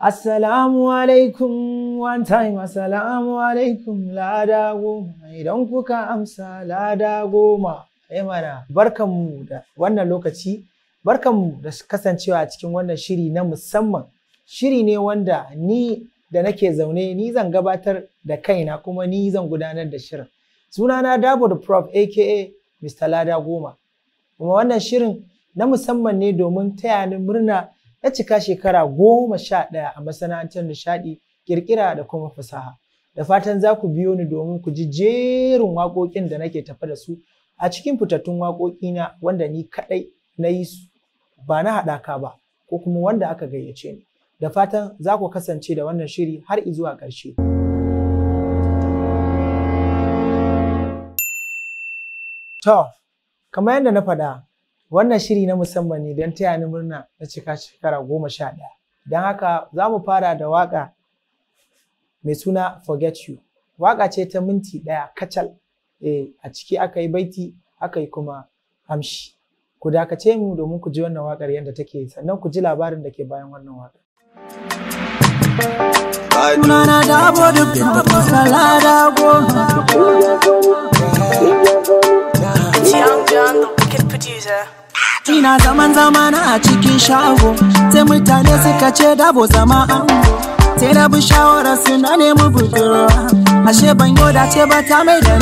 Assalamu alaikum one time, assalamu alaikum lada goma, idan kuka amsa lada goma, mana barkanmu da wannan lokaci, barkanmu da kasancewa a cikin wannan shiri na musamman, shiri ne wanda ni da nake zaune ni zan gabatar da kaina kuma ni zan gudanar da shirin. Sunana Dabo da Prof aka Mr. Lada Goma. Kuma wannan shirin na musamman ne domin taya ni murna ya cika shekara goma sha ɗaya a masana'antar nishaɗi ƙirƙira da kuma fasaha. Da fatan za ku biyo ni domin ku ji jerin waƙoƙin da nake tafa da su a cikin fitattun waƙoƙina wanda ni kaɗai na yi su ba na haɗaka ba ko kuma wanda aka gayyace ni. Da fatan za ku kasance da wannan shiri har izuwa ƙarshe. To, kamar yadda na faɗa Wannan shiri na musamman ne don taya ni murna na cika shekara goma sha ɗaya. Don haka za mu fara da waƙa mai suna Forget You. Waƙa ce ta minti ɗaya kacal. a ciki aka yi baiti aka yi kuma amshi. Ku dakace mu domin ku ji wannan waƙar yadda take sannan ku ji labarin da ke bayan wannan waƙar. tina zaman zamana a cikin shago sai mutane suka ce dabo zama ango sai na bi shawara su nemi budurwa ashe ban yau dace ba ta mai da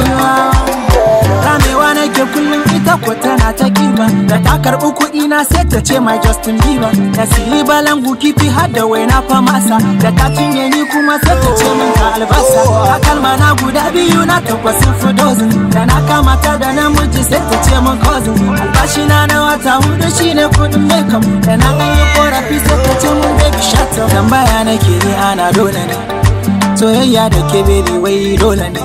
niwa na ke kullum ita ko tana ta kiba da ta karɓi kuɗi na sai ta ce mai Justin Bieber da balan balangu kifi har da waina fa masa da ta cinye ni kuma sai ta ce min ta albasa kalma na guda biyu na tabbasin fi dozin da mata da namiji sai ta ce min cousin albashi na na wata hudu shine kudin mai da na an yi korafi sai ta ce min baby shut up na nake ni ana dole ne soyayya da ke baby wai dole ne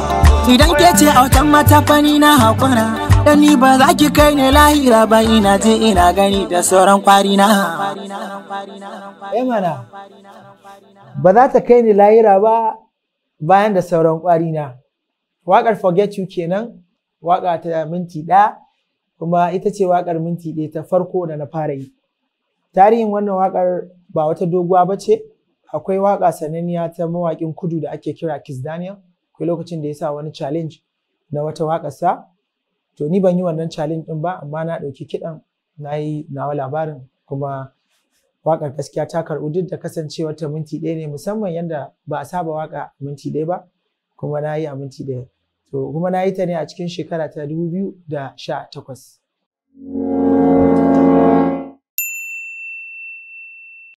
idan ke ce autan mata fani na haƙura. da ni ba za ki kai ne lahira ba ina je ina gani da sauran kwari na eh, ba za ta kai ni lahira ba bayan da sauran kwari na waƙar forget you kenan waƙa ta minti ɗaya kuma ita ce waƙar minti ɗaya ta farko da na fara yi tarihin wannan waƙar ba wata doguwa ba ce akwai waƙa sananniya ta mawaƙin kudu da ake kira kis Daniel akwai lokacin da ya sa wani challenge na wata waƙar sa to ni ban yi wannan challenge ɗin ba amma na ɗauki kiɗan na yi nawa labarin kuma waƙar gaskiya ta karɓu duk da kasancewar ta minti ɗaya ne musamman yadda ba a saba waƙa minti ɗaya ba kuma na yi a minti ɗaya to kuma na yi ta ne a cikin shekara ta 2018